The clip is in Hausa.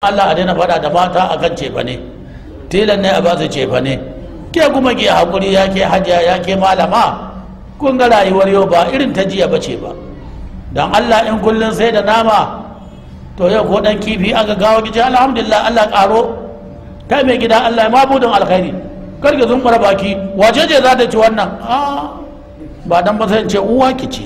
Allah a daina faɗa da mata a kan cefane tilan ne a ba su cefane ke kuma ke haƙuri ya ke hajiya ya ke malama kun ga rayuwar yau ba irin ta jiya bace ba don Allah in kullum sai da nama to yau ko ɗan kifi aka gawo gice alhamdulillah Allah ƙaro kai mai gida Allah ya mabudin alkhairi kar ka zumbura baki wace ce za ta ci wannan ba dan ba sai ce uwa ki ce